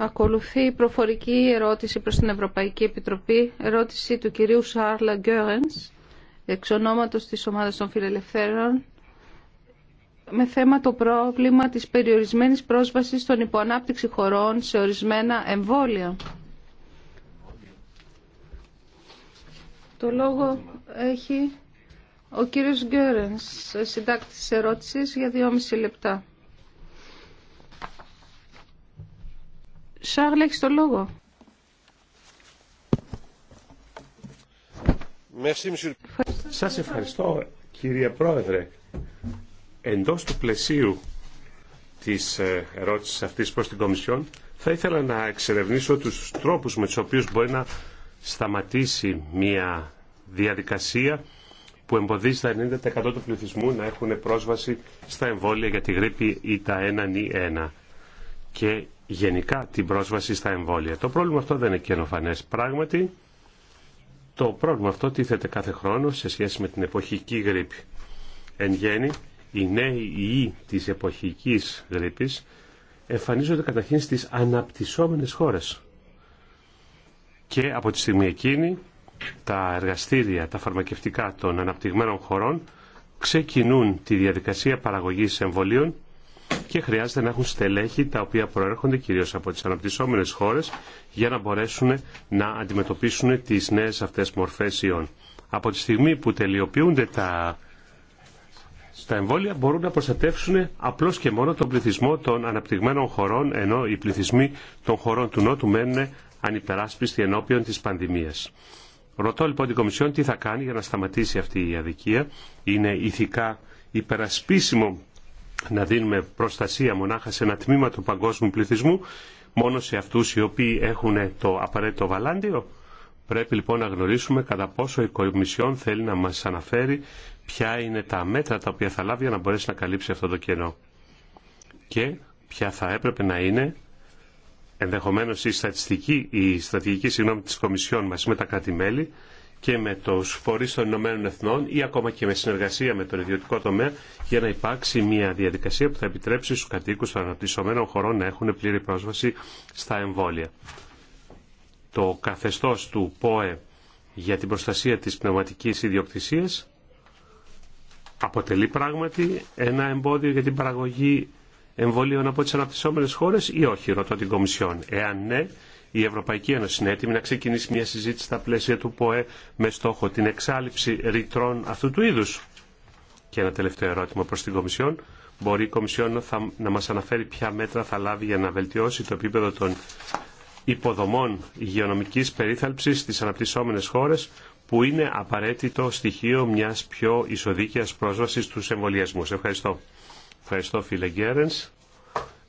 Ακολουθεί η προφορική ερώτηση προς την Ευρωπαϊκή Επιτροπή, ερώτηση του κυρίου Σάρλα Γκέρενς, εξ ονόματος της Ομάδας των Φιλελευθέρων, με θέμα το πρόβλημα της περιορισμένης πρόσβασης των υποανάπτυξη χωρών σε ορισμένα εμβόλια. Το λόγο έχει ο κύριος Γκέρενς, συντάκτης ερώτησης, για δυόμιση λεπτά. Σάρλ, έχεις το λόγο. Σας ευχαριστώ, κύριε Πρόεδρε. Εντός του πλαισίου της ε, ερώτησης αυτής προς την Κομισιόν, θα ήθελα να εξερευνήσω τους τρόπους με τους οποίους μπορεί να σταματήσει μια διαδικασία που εμποδίζει τα 90% του πληθυσμού να έχουν πρόσβαση στα εμβόλια για τη γρήπη ή τα 1 ή 1. Και γενικά την πρόσβαση στα εμβόλια. Το πρόβλημα αυτό δεν είναι καινοφανέ. Πράγματι, το πρόβλημα αυτό τίθεται κάθε χρόνο σε σχέση με την εποχική γρήπη. Εν γέννη, οι νέοι ιοί της εποχικής γρήπη εμφανίζονται καταρχήν στις αναπτυσσόμενες χώρες. Και από τη στιγμή εκείνη, τα εργαστήρια, τα φαρμακευτικά των αναπτυγμένων χωρών ξεκινούν τη διαδικασία παραγωγής εμβολίων και χρειάζεται να έχουν στελέχη τα οποία προέρχονται κυρίως από τις αναπτυσσόμενες χώρες για να μπορέσουν να αντιμετωπίσουν τις νέες αυτές μορφές ιών. Από τη στιγμή που τελειοποιούνται τα, τα εμβόλια μπορούν να προστατεύσουν απλώς και μόνο τον πληθυσμό των αναπτυγμένων χωρών ενώ οι πληθυσμοί των χωρών του Νότου μένουν ανυπεράσπιστοι ενώπιον της πανδημίας. Ρωτώ λοιπόν την Κομισιόν τι θα κάνει για να σταματήσει αυτή η αδικία. Είναι ηθικά υπερασπίσιμο να δίνουμε προστασία μονάχα σε ένα τμήμα του παγκόσμιου πληθυσμού, μόνο σε αυτούς οι οποίοι έχουν το απαραίτητο βαλάντιο. Πρέπει λοιπόν να γνωρίσουμε κατά πόσο η Κομισιόν θέλει να μας αναφέρει ποια είναι τα μέτρα τα οποία θα λάβει για να μπορέσει να καλύψει αυτό το κενό. Και ποια θα έπρεπε να είναι ενδεχομένως η στατιστική, στρατηγική συγγνώμη της Κομισιόν μαζί με τα κράτη-μέλη και με τους φορείς των Ηνωμένων Εθνών ή ακόμα και με συνεργασία με τον ιδιωτικό τομέα για να υπάρξει μια διαδικασία που θα επιτρέψει στους κατοίκους των αναπτυσσομένων χωρών να έχουν πλήρη πρόσβαση στα εμβόλια. Το καθεστώς του ΠΟΕ για την προστασία της πνευματικής ιδιοκτησίας αποτελεί πράγματι ένα εμπόδιο για την παραγωγή εμβολίων από τις αναπτυσσόμενες χώρες ή όχι, ρωτώ την Κομισιόν. Εάν ναι, η Ευρωπαϊκή Ένωση είναι έτοιμη να ξεκινήσει μια συζήτηση στα πλαίσια του ΠΟΕ με στόχο την εξάλληψη ρητρών αυτού του είδους. Και ένα τελευταίο ερώτημα προς την Κομισιόν. Μπορεί η Κομισιόν θα, να μας αναφέρει ποια μέτρα θα λάβει για να βελτιώσει το επίπεδο των υποδομών υγειονομικής περίθαλψης στις αναπτυσσόμενες χώρες που είναι απαραίτητο στοιχείο μιας πιο ισοδίκαιας πρόσβασης στους εμβολιασμούς. Ευχαριστώ. Ευχαριστώ φίλε Γκέρενς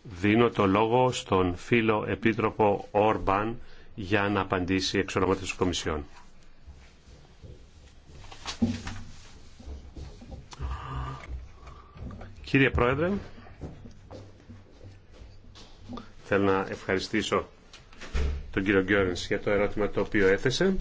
δίνω το λόγο στον φίλο επίτροπο Όρμπαν για να απαντήσει εξ ονόματος της Κομισιόν. Κύριε Πρόεδρε, θέλω να ευχαριστήσω τον κύριο Γκιόρενς για το ερώτημα το οποίο έθεσε.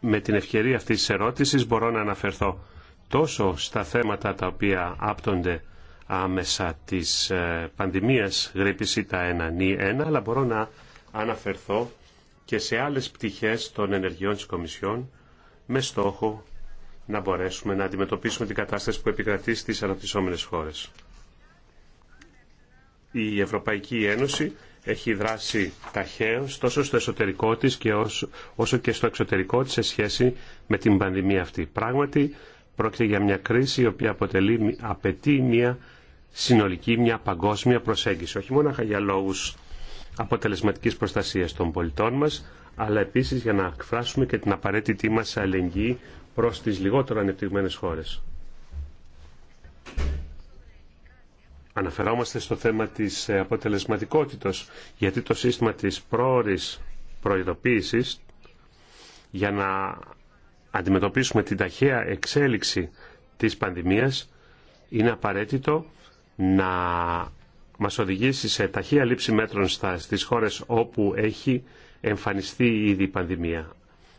Με την ευκαιρία αυτής της ερώτησης μπορώ να αναφερθώ τόσο στα θέματα τα οποία άπτονται άμεσα της ε, πανδημίας γρήπης ή τα 1 1, αλλά μπορώ να αναφερθώ και σε άλλες πτυχές των ενεργειών της Κομισιόν με στόχο να μπορέσουμε να αντιμετωπίσουμε την κατάσταση που επικρατεί στις αναπτυσσόμενες χώρες. Η Ευρωπαϊκή Ένωση έχει δράσει ταχαίως τόσο στο εσωτερικό της και όσο και στο εξωτερικό της σε σχέση με την πανδημία αυτή. Πράγματι, Πρόκειται για μια κρίση η οποία αποτελεί, απαιτεί μια συνολική, μια παγκόσμια προσέγγιση. Όχι μόνο για λόγους αποτελεσματικής προστασίας των πολιτών μας, αλλά επίσης για να εκφράσουμε και την απαραίτητή μας αλληλεγγύη προς τις λιγότερο ανεπτυγμένες χώρες. Αναφερόμαστε στο θέμα της ε, αποτελεσματικότητας, γιατί το σύστημα της πρόορης προειδοποίησης για να αντιμετωπίσουμε την ταχαία εξέλιξη της πανδημίας, είναι απαραίτητο να μας οδηγήσει σε ταχεία λήψη μέτρων στις χώρες όπου έχει εμφανιστεί ήδη η πανδημία.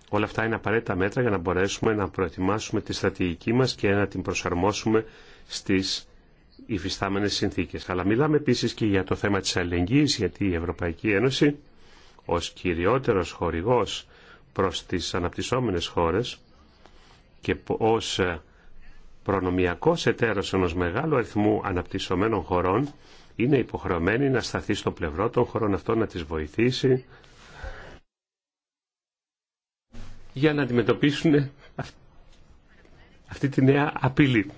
Όλα αυτά είναι απαραίτητα μέτρα για να μπορέσουμε να προετοιμάσουμε τη στρατηγική μας και να την προσαρμόσουμε στις υφιστάμενες συνθήκες. Αλλά μιλάμε επίσης και για το θέμα της αλληλεγγύης, γιατί η Ευρωπαϊκή Ένωση ως κυριότερος χορηγός προς τις αναπτυσσόμενες χώρες και ως ε, προνομιακός εταίρος ενός μεγάλου αριθμού αναπτυσσομένων χωρών είναι υποχρεωμένη να σταθεί στο πλευρό των χωρών αυτών να τις βοηθήσει για να αντιμετωπίσουν αυτή τη νέα απειλή.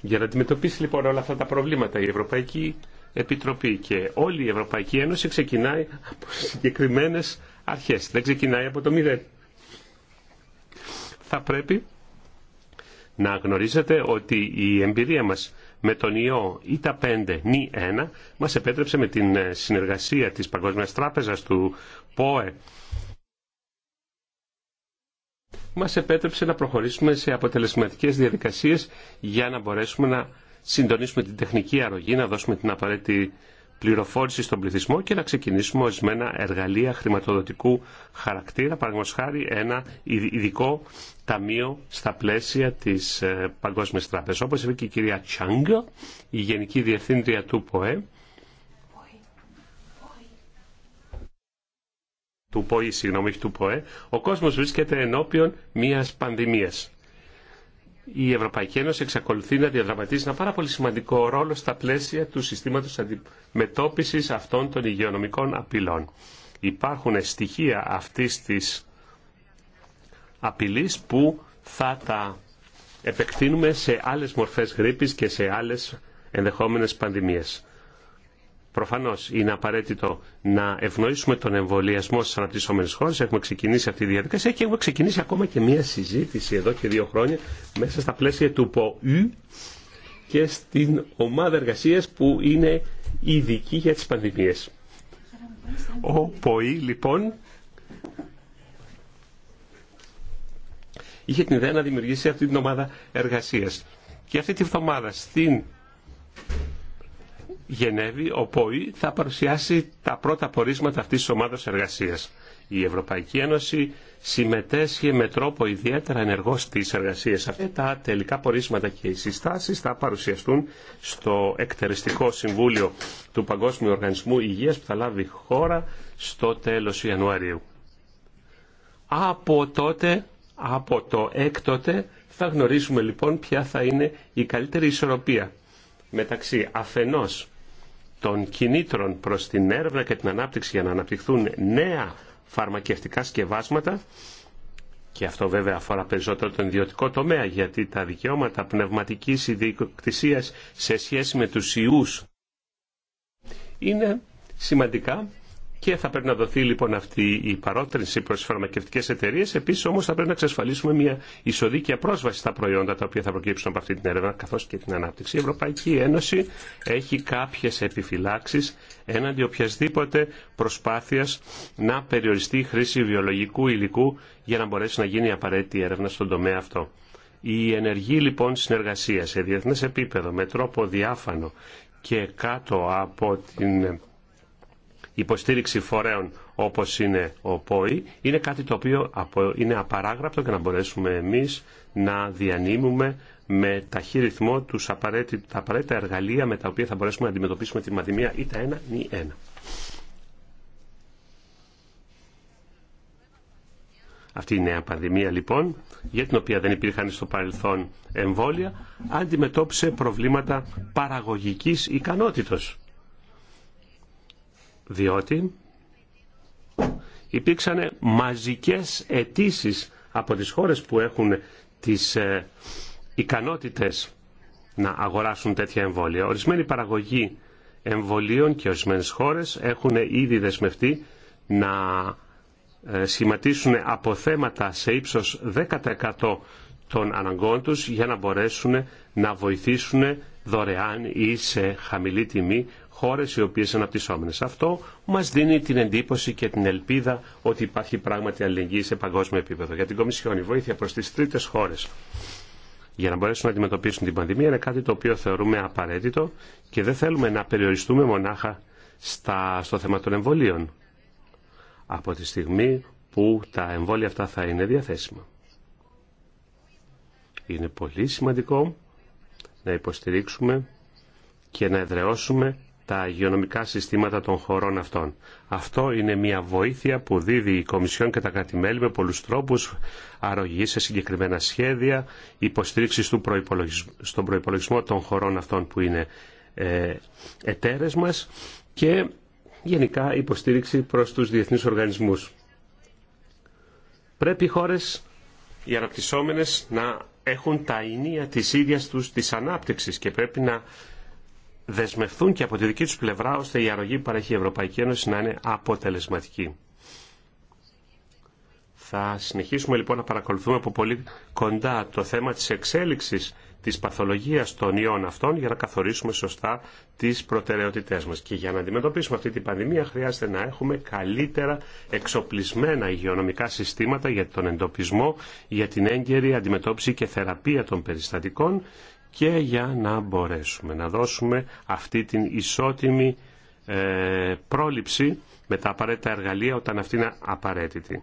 Για να αντιμετωπίσει λοιπόν όλα αυτά τα προβλήματα η Ευρωπαϊκή Επιτροπή και όλη η Ευρωπαϊκή Ένωση ξεκινάει από συγκεκριμένες αρχές. Δεν ξεκινάει από το μηδέν θα πρέπει να γνωρίζετε ότι η εμπειρία μας με τον ιό ΙΤΑ 5 νη 1 μας επέτρεψε με την ε, συνεργασία της Παγκόσμιας Τράπεζας του ΠΟΕ μας επέτρεψε να προχωρήσουμε σε αποτελεσματικές διαδικασίες για να μπορέσουμε να συντονίσουμε την τεχνική αρρωγή, να δώσουμε την απαραίτητη πληροφόρηση στον πληθυσμό και να ξεκινήσουμε ορισμένα εργαλεία χρηματοδοτικού χαρακτήρα, παραδείγματος ένα ειδικό ταμείο στα πλαίσια της ε, Παγκόσμιας Τράπεζας. Όπως είπε και η κυρία Τσάνγκ, η Γενική Διευθύντρια του ΠΟΕ, του ΠΟΗ, συγγνώμη, του ΠΟΕ, ο κόσμος βρίσκεται ενώπιον μιας πανδημίας η Ευρωπαϊκή Ένωση εξακολουθεί να διαδραματίζει ένα πάρα πολύ σημαντικό ρόλο στα πλαίσια του συστήματος αντιμετώπισης αυτών των υγειονομικών απειλών. Υπάρχουν στοιχεία αυτής της απειλής που θα τα επεκτείνουμε σε άλλες μορφές γρήπης και σε άλλες ενδεχόμενες πανδημίες. Προφανώ είναι απαραίτητο να ευνοήσουμε τον εμβολιασμό στι αναπτυσσόμενε χώρε. Έχουμε ξεκινήσει αυτή τη διαδικασία και έχουμε ξεκινήσει ακόμα και μία συζήτηση εδώ και δύο χρόνια μέσα στα πλαίσια του ΠΟΥ και στην ομάδα εργασία που είναι ειδική για τι πανδημίε. Ο ΠΟΥ λοιπόν είχε την ιδέα να δημιουργήσει αυτή την ομάδα εργασία. Και αυτή τη βδομάδα στην Γενέβη, ο ΠΟΗ θα παρουσιάσει τα πρώτα πορίσματα αυτής της ομάδας εργασίας. Η Ευρωπαϊκή Ένωση συμμετέσχει με τρόπο ιδιαίτερα ενεργό στις εργασίες Τα τελικά πορίσματα και οι συστάσεις θα παρουσιαστούν στο Εκτεριστικό Συμβούλιο του Παγκόσμιου Οργανισμού Υγείας που θα λάβει χώρα στο τέλος Ιανουαρίου. Από τότε, από το έκτοτε, θα γνωρίσουμε λοιπόν ποια θα είναι η καλύτερη ισορροπία μεταξύ αφενός των κινήτρων προς την έρευνα και την ανάπτυξη για να αναπτυχθούν νέα φαρμακευτικά σκευάσματα και αυτό βέβαια αφορά περισσότερο τον ιδιωτικό τομέα γιατί τα δικαιώματα πνευματικής ιδιοκτησίας σε σχέση με τους ιούς είναι σημαντικά και θα πρέπει να δοθεί λοιπόν αυτή η παρότρινση προ τι φαρμακευτικέ εταιρείε. Επίση όμω θα πρέπει να εξασφαλίσουμε μια ισοδίκαια πρόσβαση στα προϊόντα τα οποία θα προκύψουν από αυτή την έρευνα καθώ και την ανάπτυξη. Η Ευρωπαϊκή Ένωση έχει κάποιε επιφυλάξει έναντι οποιασδήποτε προσπάθεια να περιοριστεί η χρήση βιολογικού υλικού για να μπορέσει να γίνει η απαραίτητη έρευνα στον τομέα αυτό. Η ενεργή λοιπόν συνεργασία σε διεθνέ επίπεδο με τρόπο διάφανο και κάτω από την υποστήριξη φορέων όπως είναι ο ΠΟΗ είναι κάτι το οποίο είναι απαράγραπτο και να μπορέσουμε εμείς να διανύμουμε με ταχύ ρυθμό τους τα απαραίτητα εργαλεία με τα οποία θα μπορέσουμε να αντιμετωπίσουμε τη μαδημία ή τα ένα ή ένα. Αυτή η νέα πανδημία λοιπόν, για την οποία δεν υπήρχαν στο παρελθόν εμβόλια, αντιμετώπισε προβλήματα παραγωγικής ικανότητος διότι υπήρξαν μαζικές αιτήσει από τις χώρες που έχουν τις ε, ικανότητες να αγοράσουν τέτοια εμβόλια. Ορισμένοι παραγωγοί εμβολίων και ορισμένε χώρες έχουν ήδη δεσμευτεί να ε, σχηματίσουν αποθέματα σε ύψος 10% των αναγκών τους για να μπορέσουν να βοηθήσουν δωρεάν ή σε χαμηλή τιμή χώρες οι οποίες αναπτυσσόμενες. Αυτό μας δίνει την εντύπωση και την ελπίδα ότι υπάρχει πράγματι αλληλεγγύη σε παγκόσμιο επίπεδο. Για την Κομισιόν η βοήθεια προς τις τρίτες χώρες για να μπορέσουν να αντιμετωπίσουν την πανδημία είναι κάτι το οποίο θεωρούμε απαραίτητο και δεν θέλουμε να περιοριστούμε μονάχα στα, στο θέμα των εμβολίων από τη στιγμή που τα εμβόλια αυτά θα είναι διαθέσιμα. Είναι πολύ σημαντικό να υποστηρίξουμε και να εδραιώσουμε τα υγειονομικά συστήματα των χωρών αυτών. Αυτό είναι μια βοήθεια που δίδει η Κομισιόν και τα κρατημέλη με πολλούς τρόπους, αρρωγή σε συγκεκριμένα σχέδια, υποστήριξη στον προϋπολογισμό των χωρών αυτών που είναι ε, εταίρες μας και γενικά υποστήριξη προς τους διεθνείς οργανισμούς. Πρέπει οι χώρες, οι αναπτυσσόμενες, να έχουν τα ενία της ίδιας τους της ανάπτυξης και πρέπει να δεσμευθούν και από τη δική τους πλευρά ώστε η αρρωγή που παρέχει η Ευρωπαϊκή Ένωση να είναι αποτελεσματική. Θα συνεχίσουμε λοιπόν να παρακολουθούμε από πολύ κοντά το θέμα της εξέλιξης της παθολογίας των ιών αυτών για να καθορίσουμε σωστά τις προτεραιότητές μας. Και για να αντιμετωπίσουμε αυτή την πανδημία χρειάζεται να έχουμε καλύτερα εξοπλισμένα υγειονομικά συστήματα για τον εντοπισμό, για την έγκαιρη αντιμετώπιση και θεραπεία των περιστατικών και για να μπορέσουμε να δώσουμε αυτή την ισότιμη ε, πρόληψη με τα απαραίτητα εργαλεία όταν αυτή είναι απαραίτητη.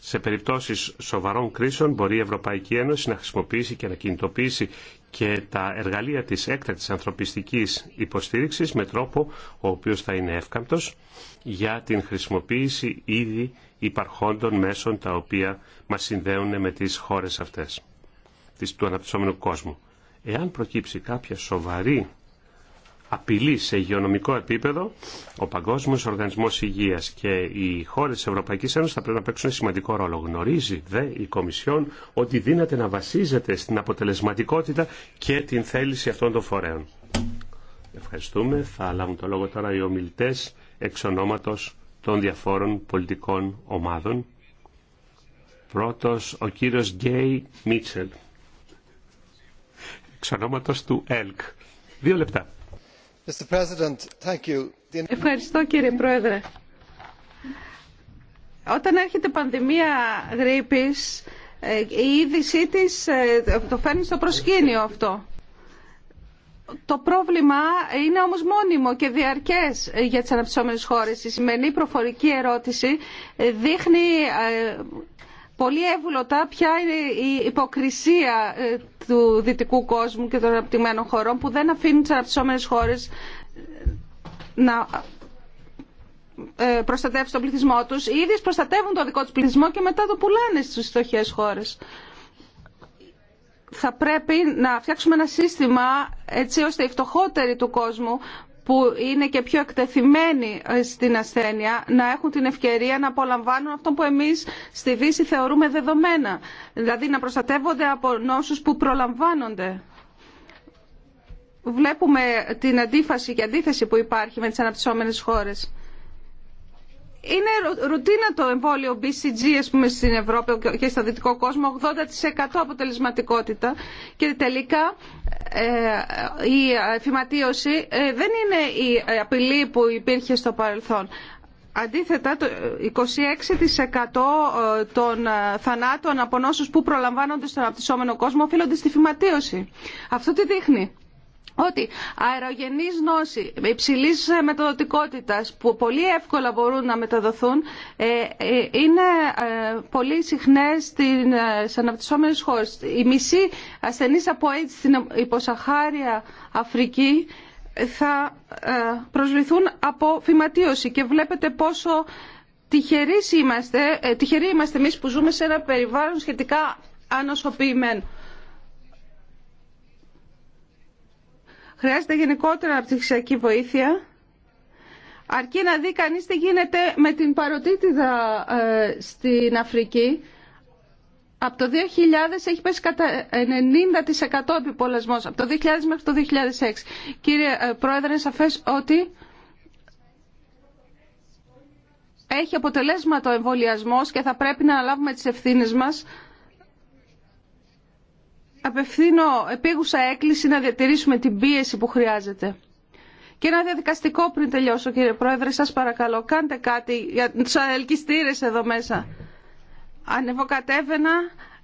Σε περιπτώσεις σοβαρών κρίσεων μπορεί η Ευρωπαϊκή Ένωση να χρησιμοποιήσει και να κινητοποιήσει και τα εργαλεία της έκτακτης ανθρωπιστικής υποστήριξης με τρόπο ο οποίος θα είναι εύκαμπτος για την χρησιμοποίηση ήδη υπαρχόντων μέσων τα οποία μας συνδέουν με τις χώρες αυτές του αναπτυσσόμενου κόσμου. Εάν προκύψει κάποια σοβαρή απειλή σε υγειονομικό επίπεδο, ο Παγκόσμιος Οργανισμός Υγείας και οι χώρες της Ευρωπαϊκής Ένωσης θα πρέπει να παίξουν σημαντικό ρόλο. Γνωρίζει δε η Κομισιόν ότι δύναται να βασίζεται στην αποτελεσματικότητα και την θέληση αυτών των φορέων. Ευχαριστούμε. Θα λάβουν το λόγο τώρα οι ομιλητές εξ ονόματος των διαφόρων πολιτικών ομάδων. Πρώτος ο κύριος Γκέι Μίτσελ του ΕΛΚ. Δύο λεπτά. Ευχαριστώ κύριε Πρόεδρε. Όταν έρχεται πανδημία γρήπης, ε, η είδησή της ε, το φέρνει στο προσκήνιο αυτό. Το πρόβλημα είναι όμως μόνιμο και διαρκές για τις αναπτυσσόμενες χώρες. Η σημερινή προφορική ερώτηση ε, δείχνει πολύ εύγλωτα ποια είναι η υποκρισία ε, του δυτικού κόσμου και των αναπτυγμένων χωρών που δεν αφήνουν τι αναπτυσσόμενες χώρες ε, να ε, προστατεύσουν τον πληθυσμό τους. Οι ίδιες προστατεύουν το δικό τους πληθυσμό και μετά το πουλάνε στις φτωχές χώρες. Θα πρέπει να φτιάξουμε ένα σύστημα έτσι ώστε οι φτωχότεροι του κόσμου που είναι και πιο εκτεθειμένοι ε, στην ασθένεια να έχουν την ευκαιρία να απολαμβάνουν αυτό που εμείς στη Δύση θεωρούμε δεδομένα. Δηλαδή να προστατεύονται από νόσους που προλαμβάνονται. Βλέπουμε την αντίφαση και αντίθεση που υπάρχει με τις αναπτυσσόμενες χώρες είναι ρουτίνα το εμβόλιο BCG ας πούμε, στην Ευρώπη και στο δυτικό κόσμο, 80% αποτελεσματικότητα και τελικά ε, η φυματίωση ε, δεν είναι η απειλή που υπήρχε στο παρελθόν. Αντίθετα, το 26% ε, των θανάτων από νόσους που προλαμβάνονται στον αναπτυσσόμενο κόσμο οφείλονται στη φυματίωση. Αυτό τι δείχνει ότι αερογενείς νόσοι υψηλή ε, μεταδοτικότητας που πολύ εύκολα μπορούν να μεταδοθούν ε, ε, είναι πολύ συχνές στις αναπτυσσόμενες χώρες. Η μισή ασθενής από AIDS στην υποσαχάρια Αφρική θα προσβληθούν από φυματίωση και βλέπετε πόσο τυχεροί είμαστε, τυχεροί είμαστε εμείς που ζούμε σε ένα περιβάλλον σχετικά ανοσοποιημένο. Χρειάζεται γενικότερα αναπτυξιακή βοήθεια. Αρκεί να δει κανείς τι γίνεται με την παροτίτιδα ε, στην Αφρική. Από το 2000 έχει πέσει κατά 90% επιπολασμός. Από το 2000 μέχρι το 2006. Κύριε ε, Πρόεδρε, είναι σαφές ότι έχει αποτελέσμα το εμβολιασμός και θα πρέπει να αναλάβουμε τις ευθύνες μας απευθύνω επίγουσα έκκληση να διατηρήσουμε την πίεση που χρειάζεται. Και ένα διαδικαστικό πριν τελειώσω κύριε Πρόεδρε, σας παρακαλώ, κάντε κάτι για τους αελκυστήρε εδώ μέσα. Ανεβοκατέβαινα,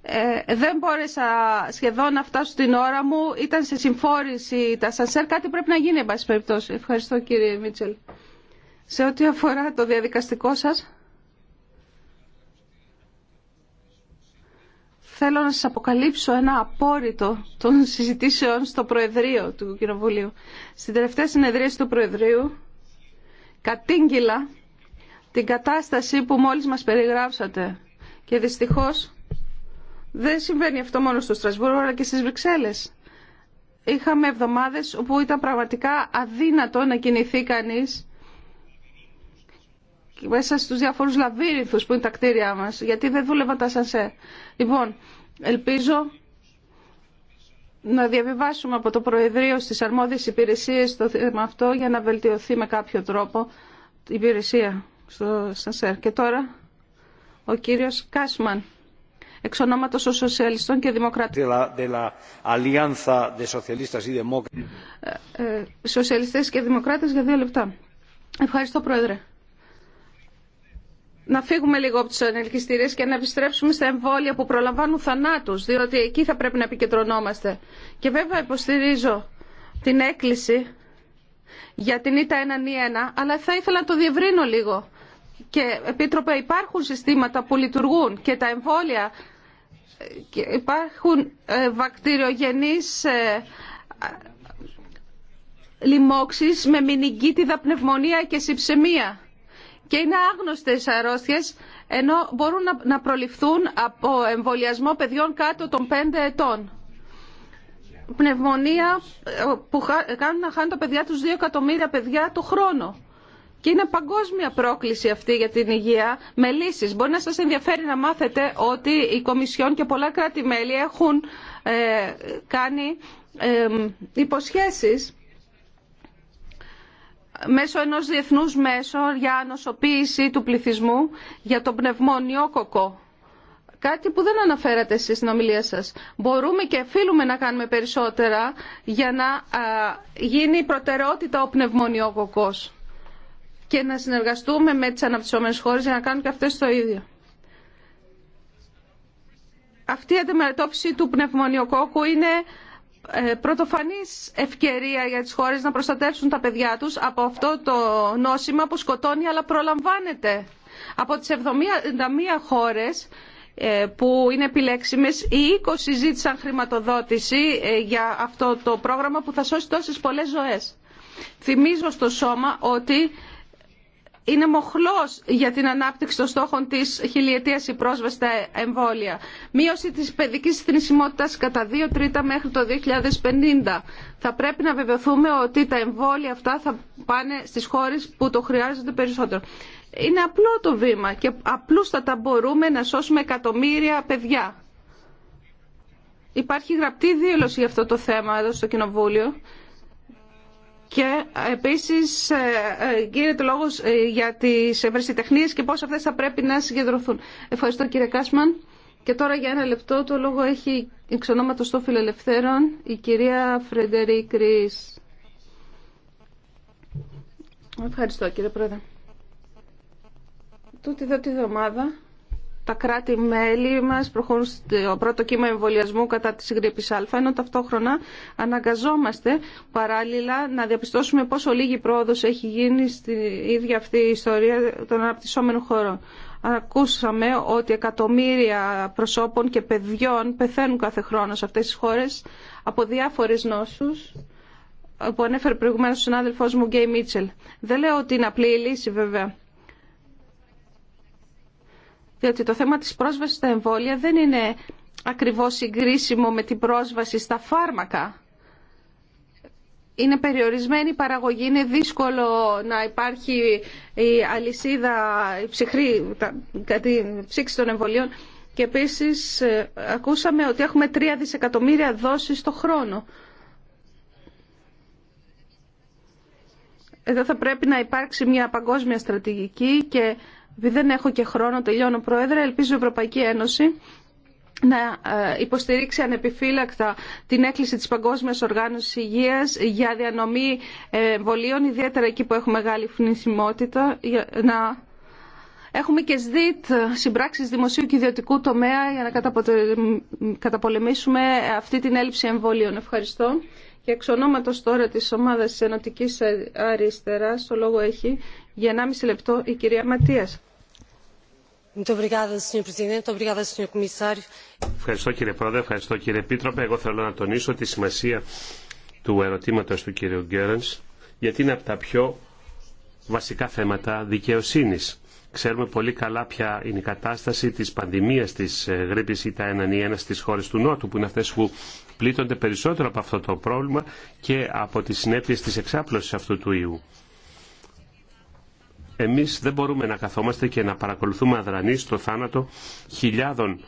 ε, δεν μπόρεσα σχεδόν να φτάσω την ώρα μου, ήταν σε συμφόρηση τα σανσέρ, κάτι πρέπει να γίνει εν πάση περιπτώσει. Ευχαριστώ κύριε Μίτσελ. Σε ό,τι αφορά το διαδικαστικό σας, θέλω να σας αποκαλύψω ένα απόρριτο των συζητήσεων στο Προεδρείο του Κοινοβουλίου. Στην τελευταία συνεδρίαση του Προεδρείου κατήγγυλα την κατάσταση που μόλις μας περιγράψατε και δυστυχώς δεν συμβαίνει αυτό μόνο στο Στρασβούργο αλλά και στις Βρυξέλλες. Είχαμε εβδομάδες όπου ήταν πραγματικά αδύνατο να κινηθεί κανείς μέσα στους διάφορους λαβύρινθους που είναι τα κτίρια μας, γιατί δεν δούλευαν τα σανσέ. Λοιπόν, ελπίζω να διαβιβάσουμε από το Προεδρείο στις αρμόδιες υπηρεσίες το θέμα αυτό για να βελτιωθεί με κάποιο τρόπο η υπηρεσία στο σανσέρ. Και τώρα ο κύριος Κάσμαν εξ ονόματος των Σοσιαλιστών και Δημοκρατών. Ε, ε, Σοσιαλιστές και Δημοκράτες για δύο λεπτά. Ευχαριστώ Πρόεδρε να φύγουμε λίγο από τις ανελκυστηρίες και να επιστρέψουμε στα εμβόλια που προλαμβάνουν θανάτους, διότι εκεί θα πρέπει να επικεντρωνόμαστε. Και βέβαια υποστηρίζω την έκκληση για την ΙΤΑ 1 1 αλλά θα ήθελα να το διευρύνω λίγο. Και επίτροπε υπάρχουν συστήματα που λειτουργούν και τα εμβόλια υπάρχουν ε, βακτηριογενείς ε, λοιμώξεις με μηνυγκίτιδα πνευμονία και συψεμία και είναι άγνωστες αρρώστιες ενώ μπορούν να προληφθούν από εμβολιασμό παιδιών κάτω των 5 ετών. Πνευμονία ε, που κάνουν να χάνουν τα παιδιά τους 2 εκατομμύρια παιδιά το χρόνο. Και είναι παγκόσμια πρόκληση αυτή για την υγεία με λύσεις. Μπορεί να σας ενδιαφέρει να μάθετε ότι η Κομισιόν και πολλά κράτη-μέλη έχουν ε, κάνει ε, υποσχέσεις μέσω ενός διεθνούς μέσου για ανοσοποίηση του πληθυσμού για τον πνευμόνιο κοκό. Κάτι που δεν αναφέρατε εσείς στην ομιλία σας. Μπορούμε και φίλουμε να κάνουμε περισσότερα για να γίνει προτεραιότητα ο πνευμονιό κοκός και να συνεργαστούμε με τις αναπτυσσόμενες χώρες για να κάνουν και αυτές το ίδιο. Αυτή η αντιμετώπιση του πνευμονιοκόκου είναι ε, πρωτοφανής ευκαιρία για τις χώρες να προστατεύσουν τα παιδιά τους από αυτό το νόσημα που σκοτώνει αλλά προλαμβάνεται. Από τις 71 χώρες ε, που είναι επιλέξιμες, οι 20 ζήτησαν χρηματοδότηση ε, για αυτό το πρόγραμμα που θα σώσει τόσες πολλές ζωές. Θυμίζω στο σώμα ότι είναι μοχλός για την ανάπτυξη των στόχων της χιλιετίας η πρόσβαση στα εμβόλια. Μείωση της παιδικής θνησιμότητας κατά 2 τρίτα μέχρι το 2050. Θα πρέπει να βεβαιωθούμε ότι τα εμβόλια αυτά θα πάνε στις χώρες που το χρειάζονται περισσότερο. Είναι απλό το βήμα και απλούστατα μπορούμε να σώσουμε εκατομμύρια παιδιά. Υπάρχει γραπτή δήλωση για αυτό το θέμα εδώ στο Κοινοβούλιο και ε, επίσης ε, ε, γίνεται λόγο για τι ευρεσιτεχνίε και πώ αυτέ θα πρέπει να συγκεντρωθούν. Ευχαριστώ κύριε Κάσμαν. Και τώρα για ένα λεπτό το λόγο έχει εξ ονόματος των φιλελευθέρων η κυρία Φρεντερή Κρυ. Ευχαριστώ κύριε Πρόεδρε. Τούτη εδώ τη εβδομάδα, τα κράτη-μέλη μας προχωρούν στο πρώτο κύμα εμβολιασμού κατά τη γρήπη Α, ενώ ταυτόχρονα αναγκαζόμαστε παράλληλα να διαπιστώσουμε πόσο λίγη πρόοδος έχει γίνει στην ίδια αυτή η ιστορία των αναπτυσσόμενων χωρών. Ακούσαμε ότι εκατομμύρια προσώπων και παιδιών πεθαίνουν κάθε χρόνο σε αυτές τις χώρες από διάφορες νόσους που ανέφερε προηγουμένως ο συνάδελφός μου Γκέι Μίτσελ. Δεν λέω ότι είναι απλή η λύση βέβαια διότι το θέμα της πρόσβασης στα εμβόλια δεν είναι ακριβώς συγκρίσιμο με την πρόσβαση στα φάρμακα. Είναι περιορισμένη η παραγωγή, είναι δύσκολο να υπάρχει η αλυσίδα, η ψυχρή, τη ψήξη των εμβολίων. Και επίσης ε, ακούσαμε ότι έχουμε 3 δισεκατομμύρια δόσεις το χρόνο. Εδώ θα πρέπει να υπάρξει μια παγκόσμια στρατηγική και επειδή δεν έχω και χρόνο, τελειώνω Πρόεδρε, ελπίζω η Ευρωπαϊκή Ένωση να ε, υποστηρίξει ανεπιφύλακτα την έκκληση της Παγκόσμιας Οργάνωσης Υγείας για διανομή ε, εμβολίων, ιδιαίτερα εκεί που έχουμε μεγάλη φνησιμότητα, να Έχουμε και ΣΔΙΤ, συμπράξεις δημοσίου και ιδιωτικού τομέα, για να καταπολεμήσουμε αυτή την έλλειψη εμβολίων. Ευχαριστώ. Και εξ ονόματος τώρα της ομάδας της Ενωτικής Αριστεράς, το λόγο έχει για 1,5 λεπτό η κυρία Ματίας. Ευχαριστώ κύριε Πρόεδρε, ευχαριστώ κύριε Επίτροπε. Εγώ θέλω να τονίσω τη σημασία του ερωτήματος του κύριου Γκέρενς, γιατί είναι από τα πιο βασικά θέματα δικαιοσύνης. Ξέρουμε πολύ καλά ποια είναι η κατάσταση της πανδημίας της ε, γρήπης ΙΤΑ 1 στις χώρες του Νότου, που είναι αυτές που πλήττονται περισσότερο από αυτό το πρόβλημα και από τις συνέπειες της εξάπλωσης αυτού του ιού. Εμείς δεν μπορούμε να καθόμαστε και να παρακολουθούμε αδρανείς το θάνατο χιλιάδων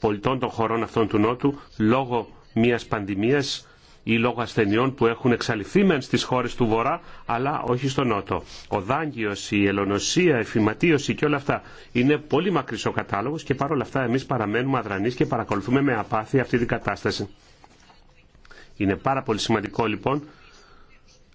πολιτών των χωρών αυτών του Νότου λόγω μιας πανδημίας ή λόγω ασθενειών που έχουν εξαλειφθεί μεν στις χώρες του Βορρά αλλά όχι στο Νότο. Ο Δάγκιος, η ελονοσία, η φυματίωση και όλα αυτά είναι πολύ μακρύς ο κατάλογος και παρόλα αυτά εμείς παραμένουμε αδρανείς και παρακολουθούμε με απάθεια αυτή την κατάσταση. Είναι πάρα πολύ σημαντικό λοιπόν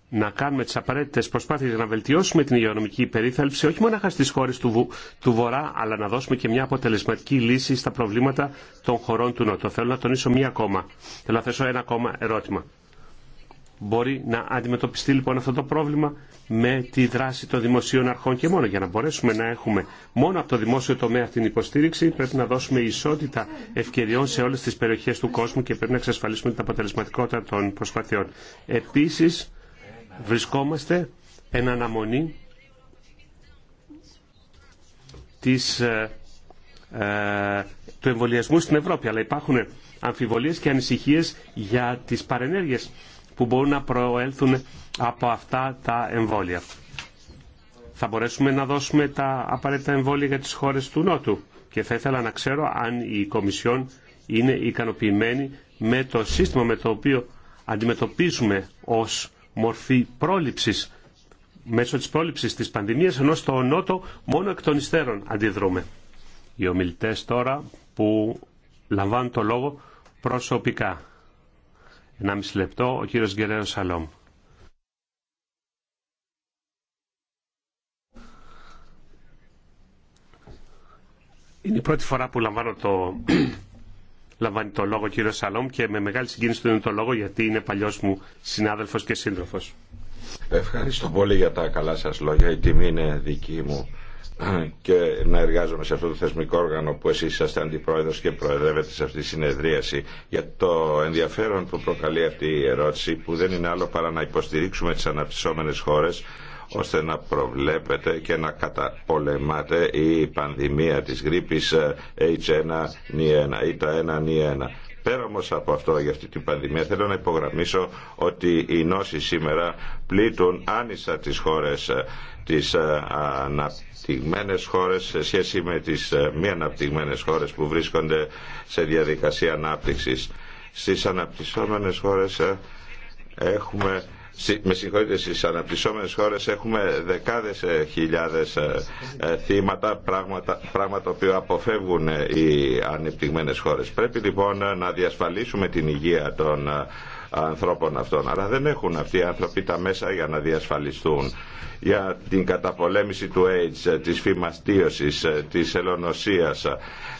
να κάνουμε τι απαραίτητε προσπάθειε για να βελτιώσουμε την υγειονομική υπερίθαλψη όχι μόνο στι χώρες του, του Βορρά αλλά να δώσουμε και μια αποτελεσματική λύση στα προβλήματα των χωρών του Νότου. Θέλω να τονίσω μία ακόμα. Θέλω να θέσω ένα ακόμα ερώτημα. Μπορεί να αντιμετωπιστεί λοιπόν αυτό το πρόβλημα με τη δράση των δημοσίων αρχών και μόνο για να μπορέσουμε να έχουμε μόνο από το δημόσιο τομέα την υποστήριξη πρέπει να δώσουμε ισότητα ευκαιριών σε όλες τις περιοχές του κόσμου και πρέπει να εξασφαλίσουμε την αποτελεσματικότητα των προσπαθειών. Επίσης βρισκόμαστε εν αναμονή της, ε, ε, του εμβολιασμού στην Ευρώπη, αλλά υπάρχουν αμφιβολίες και ανησυχίες για τις παρενέργειες που μπορούν να προέλθουν από αυτά τα εμβόλια. Θα μπορέσουμε να δώσουμε τα απαραίτητα εμβόλια για τις χώρες του Νότου και θα ήθελα να ξέρω αν η Κομισιόν είναι ικανοποιημένη με το σύστημα με το οποίο αντιμετωπίζουμε ως μορφή πρόληψης μέσω της πρόληψης της πανδημίας, ενώ στο Νότο μόνο εκ των υστέρων αντιδρούμε. Οι ομιλητές τώρα που λαμβάνουν το λόγο προσωπικά. Ένα μισή λεπτό, ο κύριος Γκερέρο Σαλόμ. Είναι η πρώτη φορά που λαμβάνω το λαμβάνει το λόγο ο κύριο Σαλόμ και με μεγάλη συγκίνηση του δίνω το λόγο γιατί είναι παλιό μου συνάδελφο και σύντροφο. Ευχαριστώ πολύ για τα καλά σα λόγια. Η τιμή είναι δική μου και να εργάζομαι σε αυτό το θεσμικό όργανο που εσείς είσαστε αντιπρόεδρος και προεδρεύετε σε αυτή τη συνεδρίαση για το ενδιαφέρον που προκαλεί αυτή η ερώτηση που δεν είναι άλλο παρά να υποστηρίξουμε τις αναπτυσσόμενες χώρες ώστε να προβλέπετε και να καταπολεμάτε η πανδημία της γρήπης H1N1 ή τα 1N1. Πέρα όμω από αυτό, για αυτή την πανδημία, θέλω να υπογραμμίσω ότι οι νόσοι σήμερα πλήττουν άνισα τις χώρες, ε, τις ε, αναπτυγμένες χώρες σε σχέση με τις ε, μη αναπτυγμένες χώρες που βρίσκονται σε διαδικασία ανάπτυξης. Στις αναπτυσσόμενες χώρες έχουμε με συγχωρείτε, στις αναπτυσσόμενες χώρες έχουμε δεκάδες ε, χιλιάδες ε, ε, θύματα, πράγματα, πράγματα που αποφεύγουν οι ανεπτυγμένες χώρες. Πρέπει λοιπόν να διασφαλίσουμε την υγεία των ανθρώπων αυτών. Αλλά δεν έχουν αυτοί οι άνθρωποι τα μέσα για να διασφαλιστούν. Για την καταπολέμηση του AIDS, της φημαστίωσης, της ελονοσίας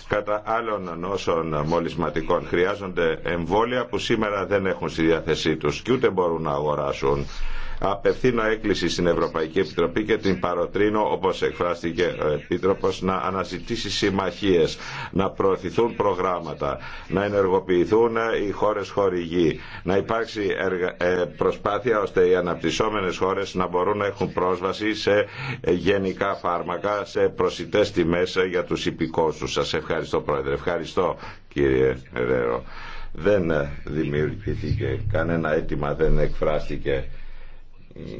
κατά άλλων νόσων μολυσματικών. Χρειάζονται εμβόλια που σήμερα δεν έχουν στη διάθεσή τους και ούτε μπορούν να αγοράσουν. Απευθύνω έκκληση στην Ευρωπαϊκή Επιτροπή και την παροτρύνω, όπω εκφράστηκε ο ε, Επίτροπο, να αναζητήσει συμμαχίε, να προωθηθούν προγράμματα, να ενεργοποιηθούν ε, οι χώρε χορηγοί, να υπάρξει ε, προσπάθεια ώστε οι αναπτυσσόμενε χώρε να μπορούν να έχουν πρόσβαση σε γενικά φάρμακα, σε προσιτέ τιμέ για του υπηκόου του. Σα ευχαριστώ, Πρόεδρε. Ευχαριστώ, κύριε Ρέρο. Δεν δημιουργήθηκε, κανένα αίτημα δεν εκφράστηκε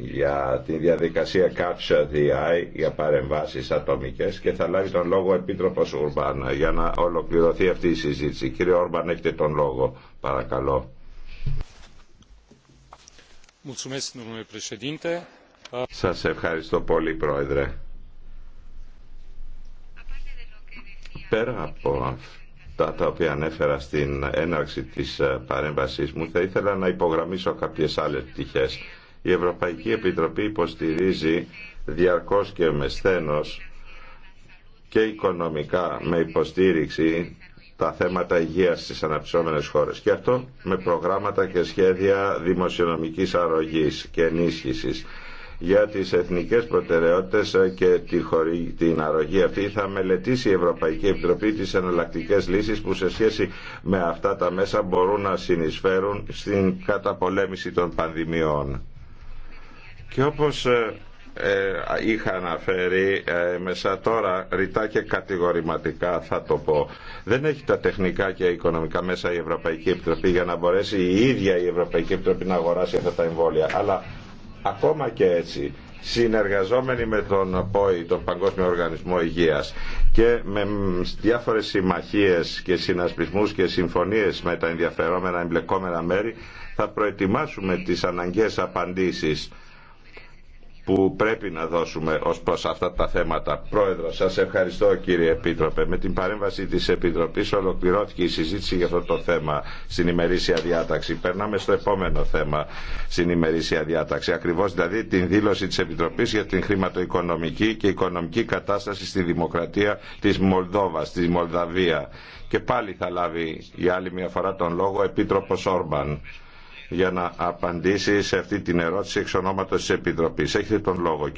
για τη διαδικασία Capture the για παρεμβάσεις ατομικές και θα λάβει τον λόγο ο Επίτροπος Ουρμπάνα για να ολοκληρωθεί αυτή η συζήτηση. Κύριε Όρμπαν, έχετε τον λόγο. Παρακαλώ. Σας ευχαριστώ πολύ, Πρόεδρε. Πέρα από αυτά τα οποία ανέφερα στην έναρξη της παρέμβασής μου, θα ήθελα να υπογραμμίσω κάποιες άλλες πτυχέ. Η Ευρωπαϊκή Επιτροπή υποστηρίζει διαρκώς και με και οικονομικά με υποστήριξη τα θέματα υγείας στις αναπτυσσόμενες χώρες και αυτό με προγράμματα και σχέδια δημοσιονομικής αρρωγής και ενίσχυσης για τις εθνικές προτεραιότητες και την αρρωγή αυτή θα μελετήσει η Ευρωπαϊκή Επιτροπή τις εναλλακτικές λύσεις που σε σχέση με αυτά τα μέσα μπορούν να συνεισφέρουν στην καταπολέμηση των πανδημιών. Και όπως ε, ε, είχα αναφέρει ε, μέσα τώρα ρητά και κατηγορηματικά θα το πω δεν έχει τα τεχνικά και οικονομικά μέσα η Ευρωπαϊκή Επιτροπή για να μπορέσει η ίδια η Ευρωπαϊκή Επιτροπή να αγοράσει αυτά τα εμβόλια αλλά ακόμα και έτσι συνεργαζόμενοι με τον ΠΟΗ, τον Παγκόσμιο Οργανισμό Υγείας και με διάφορες συμμαχίες και συνασπισμούς και συμφωνίες με τα ενδιαφερόμενα εμπλεκόμενα μέρη θα προετοιμάσουμε τις αναγκαίες απαντήσεις που πρέπει να δώσουμε ως προς αυτά τα θέματα. Πρόεδρο, σας ευχαριστώ κύριε Επίτροπε. Με την παρέμβαση της Επιτροπής ολοκληρώθηκε η συζήτηση για αυτό το θέμα στην ημερήσια διάταξη. Περνάμε στο επόμενο θέμα στην ημερήσια διάταξη. Ακριβώς δηλαδή την δήλωση της Επιτροπής για την χρηματοοικονομική και οικονομική κατάσταση στη δημοκρατία της Μολδόβας, της Μολδαβία. Και πάλι θα λάβει για άλλη μια φορά τον λόγο Επίτροπος Όρμπαν για να απαντήσει σε αυτή την ερώτηση εξ ονόματος της Επιτροπής. Έχετε τον λόγο.